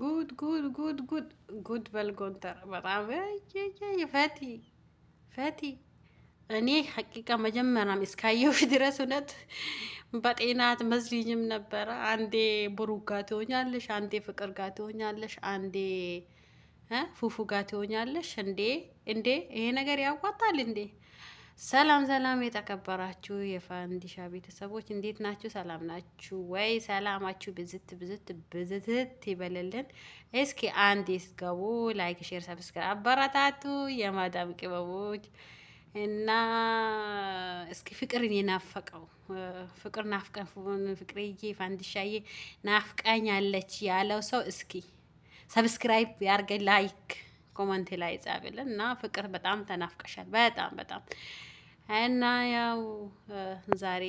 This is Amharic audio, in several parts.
ጉድ ጉድ ጉድ ጉድ ጉድ በል ጎንተር። በጣም ፈቲ ፈቲ እኔ ሀቂቃ መጀመሪያም እስካየሁ ድረስ እውነት በጤናት መስልኝም ነበረ። አንዴ ብሩክ ጋ ትሆኛለሽ፣ አንዴ ፍቅር ጋ ትሆኛለሽ፣ አንዴ ፉፉ ጋ ትሆኛለሽ። እንዴ እንዴ ይሄ ነገር ያዋጣል እንዴ? ሰላም ሰላም የተከበራችሁ የፋንዲሻ ቤተሰቦች እንዴት ናችሁ? ሰላም ናችሁ ወይ? ሰላማችሁ ብዝት ብዝት ብዝትት ይበልልን። እስኪ አንድ ስገቡ ላይክ፣ ሼር፣ ሰብስክራይብ አበረታቱ የማዳም ቅበቦች እና እስኪ ፍቅርን የናፈቀው ፍቅር ናፍቀን ፍቅርዬ ፋንዲሻዬ ናፍቀኛለች ያለው ሰው እስኪ ሰብስክራይብ ያርገ ላይክ ኮመንት ላይ ጻብልን እና ፍቅር በጣም ተናፍቀሻል። በጣም በጣም እና ያው ዛሬ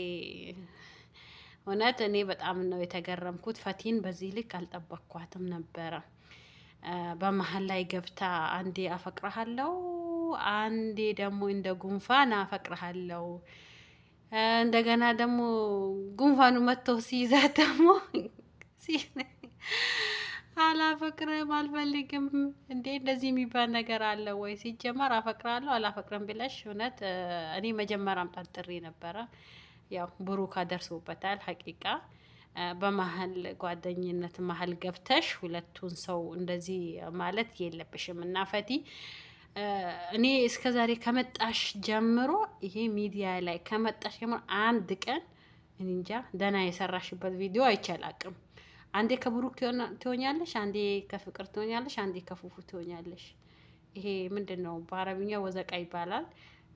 እውነት እኔ በጣም ነው የተገረምኩት። ፈቲን በዚህ ልክ አልጠበቅኳትም ነበረ። በመሀል ላይ ገብታ አንዴ አፈቅረሃለው፣ አንዴ ደግሞ እንደ ጉንፋን አፈቅረሃለው፣ እንደገና ደግሞ ጉንፋኑ መጥቶ ሲይዛት ደግሞ አላፈቅርም አልፈልግም። እንዴ እንደዚህ የሚባል ነገር አለ ወይ? ሲጀመር አፈቅራለሁ አላፈቅርም ብለሽ እውነት እኔ መጀመሪያም ጠርጥሬ ነበረ። ያው ብሩክ አደርሶበታል። ሀቂቃ በመሀል ጓደኝነት መሀል ገብተሽ ሁለቱን ሰው እንደዚህ ማለት የለብሽም እና ፈቲ እኔ እስከ ዛሬ ከመጣሽ ጀምሮ ይሄ ሚዲያ ላይ ከመጣሽ ጀምሮ አንድ ቀን እንጃ ደህና የሰራሽበት ቪዲዮ አይቻላቅም አንዴ ከብሩክ ትሆኛለሽ፣ አንዴ ከፍቅር ትሆኛለሽ፣ አንዴ ከፉፉ ትሆኛለሽ። ይሄ ምንድን ነው? በአረብኛ ወዘቃ ይባላል።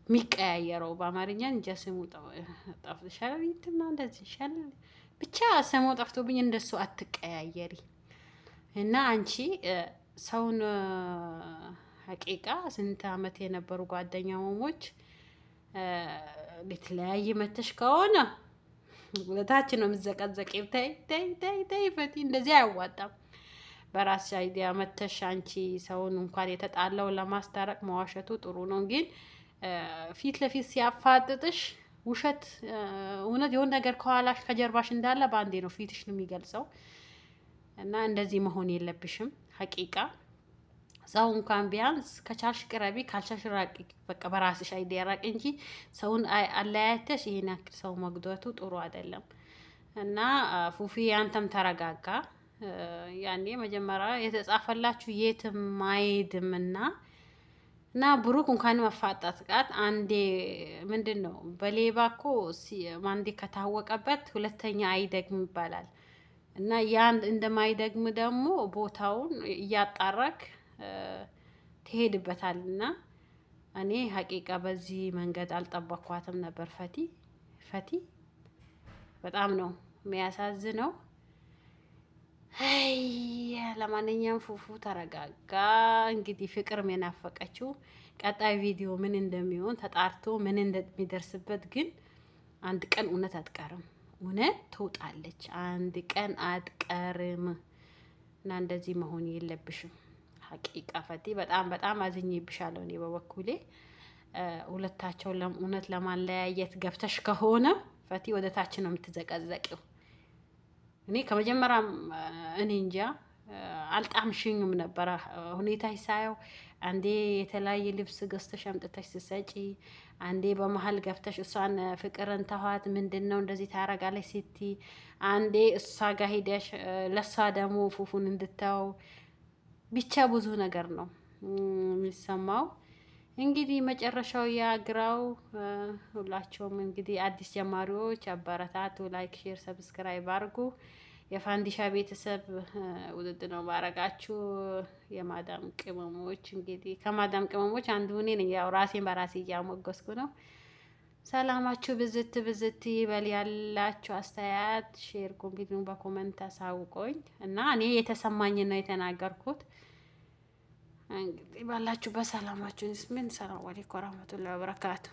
የሚቀያየረው በአማርኛ እንጃ ስሙ ጠፍ ሸለቢትና እንደዚህ ሸለ ብቻ ስሙ ጠፍቶብኝ፣ እንደሱ አትቀያየሪ እና አንቺ ሰውን ሀቂቃ ስንት አመት የነበሩ ሞሞች ልትለያይ መተሽ ከሆነ ታች ነው የምዘቀዘቅ። ተይ ተይ ተይ ተይ ፈቲ፣ እንደዚህ አያዋጣም። በራስሽ አይዲያ መተሽ አንቺ ሰውን እንኳን የተጣለው ለማስታረቅ መዋሸቱ ጥሩ ነው፣ ግን ፊት ለፊት ሲያፋጥጥሽ ውሸት እውነት የሆነ ነገር ከኋላሽ ከጀርባሽ እንዳለ በአንዴ ነው ፊትሽ ነው የሚገልጸው እና እንደዚህ መሆን የለብሽም ሀቂቃ ሰው እንኳን ቢያንስ ከቻልሽ ቅረቢ፣ ካልቻልሽ ራቂ። በቃ በራስሽ አይዲያ ራቂ እንጂ ሰውን አለያየተሽ ይሄን ያክል ሰው መጉዳቱ ጥሩ አይደለም። እና ፉፊ አንተም ተረጋጋ። ያኔ መጀመሪያ የተጻፈላችሁ የትም ማይድም እና እና ብሩክ እንኳን መፋጣት ቃት አንዴ ምንድን ነው በሌባ እኮ አንዴ ከታወቀበት ሁለተኛ አይደግም ይባላል። እና ያን እንደማይደግም ደግሞ ቦታውን እያጣራክ ትሄድበታል እና እኔ ሀቂቃ በዚህ መንገድ አልጠበኳትም ነበር። ፈቲ ፈቲ በጣም ነው የሚያሳዝነው። ለማንኛውም ፉፉ ተረጋጋ። እንግዲህ ፍቅርም የናፈቀችው ቀጣይ ቪዲዮ ምን እንደሚሆን ተጣርቶ ምን እንደሚደርስበት ግን አንድ ቀን እውነት አትቀርም፣ እውነት ትውጣለች። አንድ ቀን አትቀርም እና እንደዚህ መሆን የለብሽም። ሀቂቃ ፈቲ በጣም በጣም አዝኜብሻለሁ። እኔ በበኩሌ ሁለታቸው እውነት ለማለያየት ገብተሽ ከሆነ ፈቲ ወደ ታች ነው የምትዘቀዘቂው። እኔ ከመጀመሪያም እኔ እንጃ አልጣምሽኝም ነበረ ሁኔታ ሳየው። አንዴ የተለያየ ልብስ ገዝተሽ አምጥተሽ ስሰጪ፣ አንዴ በመሀል ገብተሽ እሷን ፍቅርን ተዋት ምንድን ነው እንደዚህ ታረጋለች ስቲ፣ አንዴ እሷ ጋር ሂደሽ ለእሷ ደግሞ ፉፉን እንድታው ብቻ ብዙ ነገር ነው የሚሰማው። እንግዲህ መጨረሻው ያግራው። ሁላቸውም እንግዲህ አዲስ ጀማሪዎች አበረታቱ። ላይክ፣ ሼር፣ ሰብስክራይብ አድርጉ። የፋንዲሻ ቤተሰብ ውድድ ነው ባረጋችሁ። የማዳም ቅመሞች እንግዲህ ከማዳም ቅመሞች አንዱ እኔ ነኝ። ያው ራሴን በራሴ እያሞገስኩ ነው። ሰላማችሁ ብዝት ብዝት ይበል። ያላችሁ አስተያየት ሼር፣ ኮምፒት በኮመንት አሳውቆኝ እና እኔ የተሰማኝ ነው የተናገርኩት። እንግዲህ ባላችሁ በሰላማችሁ ምን ሰላም አለይኩም ወራህመቱላሂ ወበረካቱ